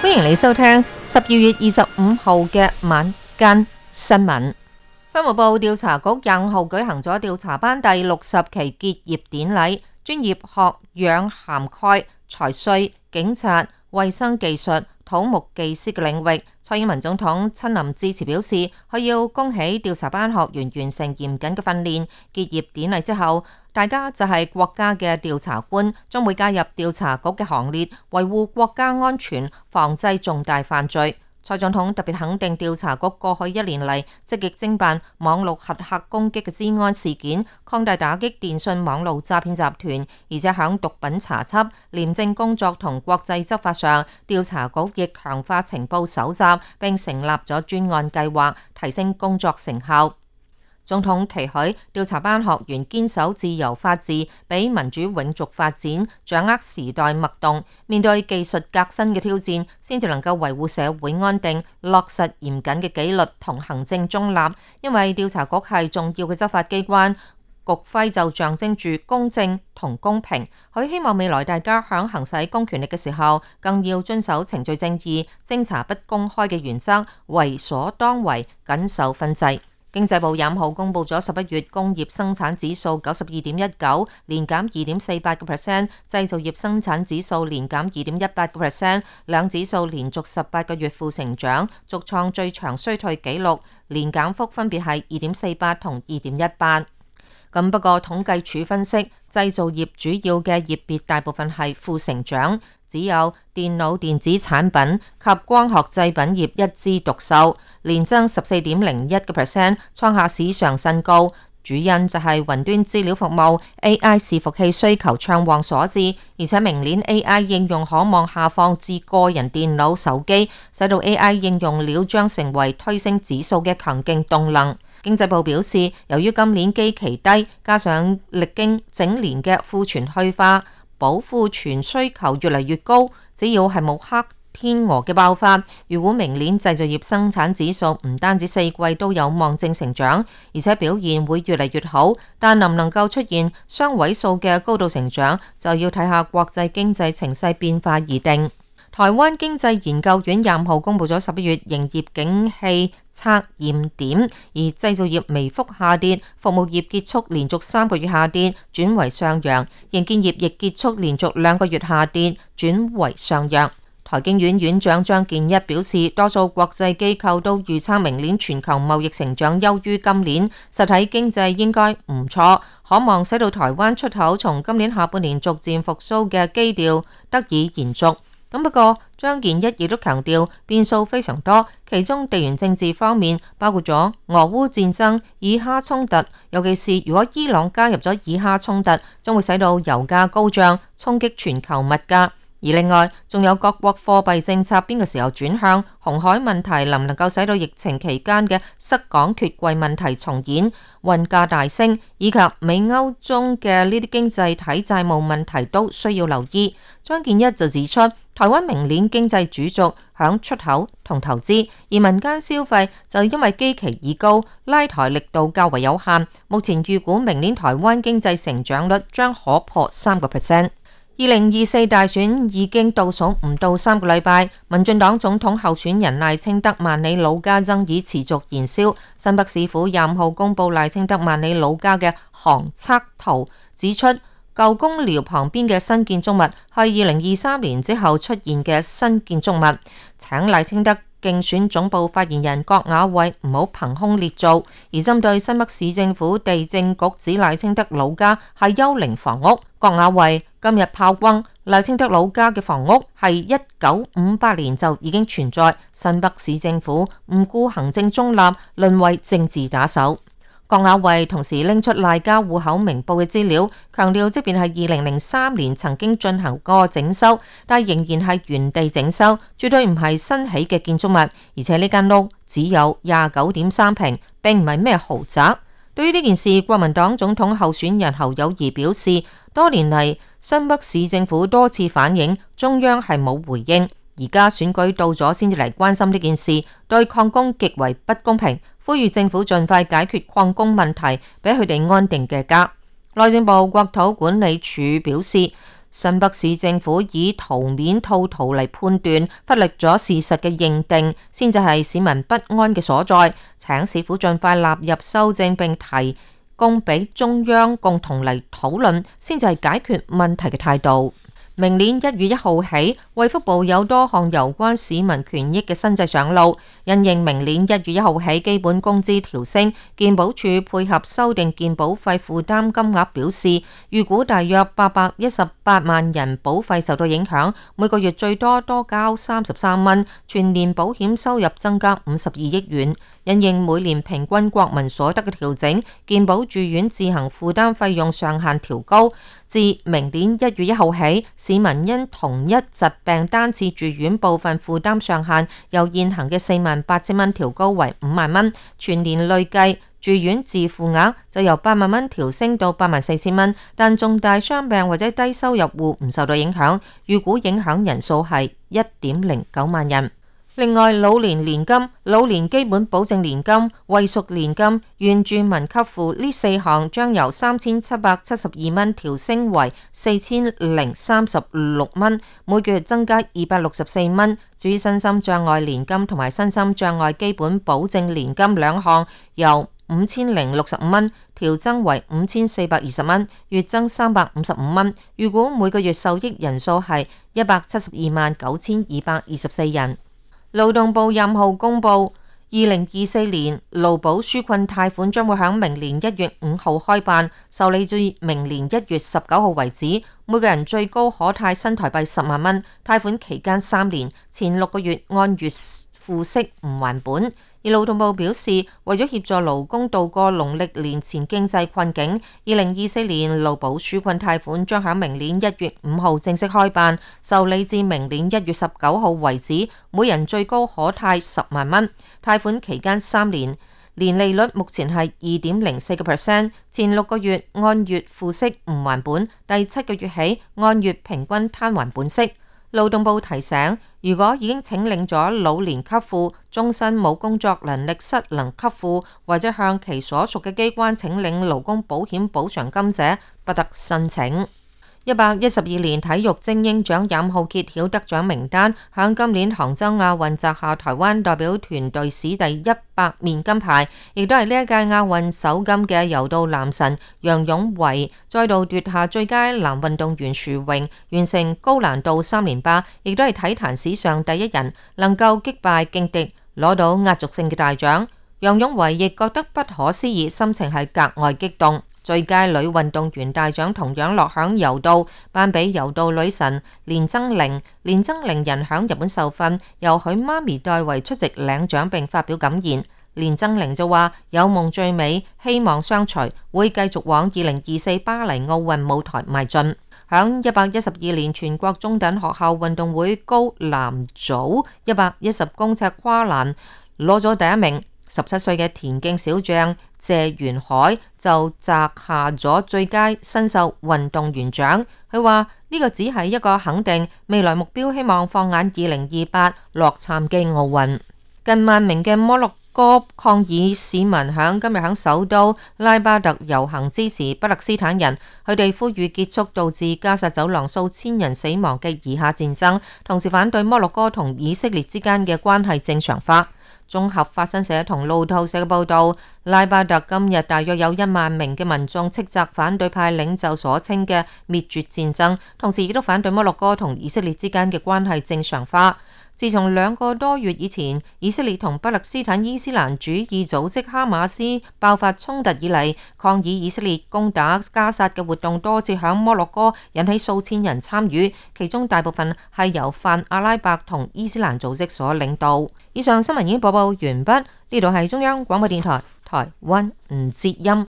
歡迎你收聽十二月二十五號嘅晚間新聞。法務部調查局二十五號舉行咗調查班第六十期結業典禮，專業學養涵蓋財稅、警察、衛生技術、土木技師嘅領域。蔡英文總統親臨致辭，表示佢要恭喜調查班學員完成嚴謹嘅訓練。結業典禮之後，大家就係國家嘅調查官，將會加入調查局嘅行列，維護國家安全，防制重大犯罪。蔡總統特別肯定調查局過去一年嚟積極偵辦網路黑客攻擊嘅資安事件，擴大打擊電信網路詐騙集團，而且響毒品查緝、廉政工作同國際執法上，調查局亦強化情報搜集，並成立咗專案計劃，提升工作成效。總統期許調查班學員堅守自由法治，俾民主永續發展，掌握時代脈動，面對技術革新嘅挑戰，先至能夠維護社會安定，落實嚴謹嘅紀律同行政中立。因為調查局係重要嘅執法機關，局徽就象徵住公正同公平。佢希望未來大家喺行使公權力嘅時候，更要遵守程序正義、偵查不公開嘅原則，為所當為，謹守分際。經濟部廿號公布咗十一月工業生產指數九十二點一九，年減二點四八個 percent，製造業生產指數年減二點一八個 percent，兩指數連續十八個月負成長，續創最長衰退紀錄，年減幅分別係二點四八同二點一八。咁不過統計處分析，製造業主要嘅業別大部分係負成長。只有電腦電子產品及光學製品業一枝獨秀，年增十四點零一個 percent，創下史上新高。主因就係雲端資料服務 AI 伺服器需求暢旺所致，而且明年 AI 應用可望下放至個人電腦、手機，使到 AI 應用料將成為推升指數嘅強勁，勁動能。經濟部表示，由於今年基期低，加上歷經整年嘅庫存去化。保庫存需求越嚟越高，只要係冇黑天鵝嘅爆發。如果明年製造業生產指數唔單止四季都有望正成長，而且表現會越嚟越好，但能唔能夠出現雙位數嘅高度成長，就要睇下國際經濟情勢變化而定。台灣經濟研究院廿五號公布咗十一月營業景氣測驗點，而製造業微幅下跌，服務業結束連續三個月下跌，轉為上揚，營建業亦結束連續兩個月下跌，轉為上揚。台經院院長張建一表示，多數國際機構都預測明年全球貿易成長優於今年，實體經濟應該唔錯，可望使到台灣出口從今年下半年逐漸復甦嘅基調得以延續。咁不過，張建一亦都強調變數非常多，其中地緣政治方面包括咗俄烏戰爭、以哈衝突，尤其是如果伊朗加入咗以哈衝突，將會使到油價高漲，衝擊全球物價。而另外，仲有各國貨幣政策邊個時候轉向，紅海問題能唔能夠使到疫情期間嘅失港脱櫃問題重演，運價大升，以及美歐中嘅呢啲經濟體債務問題都需要留意。張建一就指出，台灣明年經濟主軸響出口同投資，而民間消費就因為基期已高，拉抬力度較為有限。目前預估明年台灣經濟成長率將可破三個 percent。二零二四大選已經倒數唔到三個禮拜，民進黨總統候選人賴清德萬里老家爭議持續燃燒。新北市府廿五號公布賴清德萬里老家嘅航測圖，指出舊公寮旁邊嘅新建築物係二零二三年之後出現嘅新建築物，請賴清德競選總部發言人郭雅慧唔好憑空捏造，而針對新北市政府地政局指賴清德老家係幽靈房屋，郭雅慧今日炮轟賴清德老家嘅房屋係一九五八年就已經存在，新北市政府唔顧行政中立，淪為政治打手。鄺亞慧同時拎出賴家戶口名簿嘅資料，強調即便係二零零三年曾經進行過整修，但仍然係原地整修，絕對唔係新起嘅建築物。而且呢間屋只有廿九點三坪，並唔係咩豪宅。對於呢件事，國民黨總統候選人侯友宜表示，多年嚟新北市政府多次反映，中央係冇回應，而家選舉到咗先至嚟關心呢件事，對礦工極為不公平。呼籲政府盡快解決礦工問題，俾佢哋安定嘅家。內政部國土管理處表示，新北市政府以圖面套圖嚟判斷，忽略咗事實嘅認定，先至係市民不安嘅所在。請市府盡快納入修正，並提供俾中央共同嚟討論，先至係解決問題嘅態度。明年一月一號起，衛福部有多項有關市民權益嘅新制上路。因應明年一月一號起基本工資調升，健保署配合修訂健保費負擔金額，表示預估大約八百一十八萬人保費受到影響，每個月最多多交三十三蚊，全年保險收入增加五十二億元。因應每年平均國民所得嘅調整，健保住院自行負擔費用上限調高。自明年一月一號起，市民因同一疾病單次住院部分負擔上限由現行嘅四萬八千蚊調高為五萬蚊，全年累計住院自付額就由八萬蚊調升到八萬四千蚊。但重大傷病或者低收入戶唔受到影響，預估影響人數係一點零九萬人。另外，老年年金、老年基本保證年金、遺屬年金、原住民給付呢四項將由三千七百七十二蚊調升為四千零三十六蚊，每個月增加二百六十四蚊。至於身心障礙年金同埋身心障礙基本保證年金兩項，由五千零六十五蚊調增為五千四百二十蚊，月增三百五十五蚊。預估每個月受益人數係一百七十二萬九千二百二十四人。勞動部任號公布，二零二四年勞保紓困貸款將會喺明年一月五號開辦，受理至明年一月十九號為止，每個人最高可貸新台幣十萬蚊，貸款期間三年，前六個月按月付息唔還本。而勞動部表示，為咗協助勞工渡過農曆年前經濟困境，二零二四年勞保紓困貸款將喺明年一月五號正式開辦，受理至明年一月十九號為止，每人最高可貸十萬蚊，貸款期間三年，年利率目前係二點零四個 percent，前六個月按月付息唔還本，第七個月起按月平均攤還本息。勞動部提醒：如果已經請領咗老年給付、終身冇工作能力失能給付，或者向其所屬嘅機關請領勞工保險補償金者，不得申請。一百一十二年體育精英獎飲浩揭曉得獎名單，響今年杭州亞運摘下台灣代表團隊史第一百面金牌，亦都係呢一屆亞運首金嘅柔道男神楊勇緯再度奪下最佳男運動員殊榮，完成高難度三連霸，亦都係體壇史上第一人，能夠擊敗勁敵攞到壓軸性嘅大獎。楊勇緯亦覺得不可思議，心情係格外激動。最佳女運動員大獎同樣落響柔道，頒畀柔道女神連珍羚。連珍羚人響日本受訓，由佢媽咪代為出席領獎並發表感言。連珍羚就話：有夢最美，希望相隨，會繼續往二零二四巴黎奧運舞台邁進。響一百一十二年全國中等學校運動會高男組一百一十公尺跨欄攞咗第一名。十七歲嘅田徑小將謝元海就摘下咗最佳新秀運動員獎。佢話呢個只係一個肯定，certain, 未來目標希望放眼二零二八洛杉磯奧運。近萬名嘅摩洛哥抗議市民響今日響首都拉巴特遊行支持巴勒斯坦人，佢哋呼籲結束導致加沙走廊數千人死亡嘅以哈戰爭，同時反對摩洛哥同以色列之間嘅關係正常化。綜合法新社同路透社嘅報道，拉巴特今日大約有一萬名嘅民眾斥責反對派領袖所稱嘅滅絕戰爭，同時亦都反對摩洛哥同以色列之間嘅關係正常化。自從兩個多月以前，以色列同巴勒斯坦伊斯蘭主義組織哈馬斯爆發衝突以嚟，抗議以，以色列攻打加沙嘅活動多次響摩洛哥引起數千人參與，其中大部分係由泛阿拉伯同伊斯蘭組織所領導。以上新聞已經播報，報完畢，呢度係中央廣播電台，台灣吳捷音。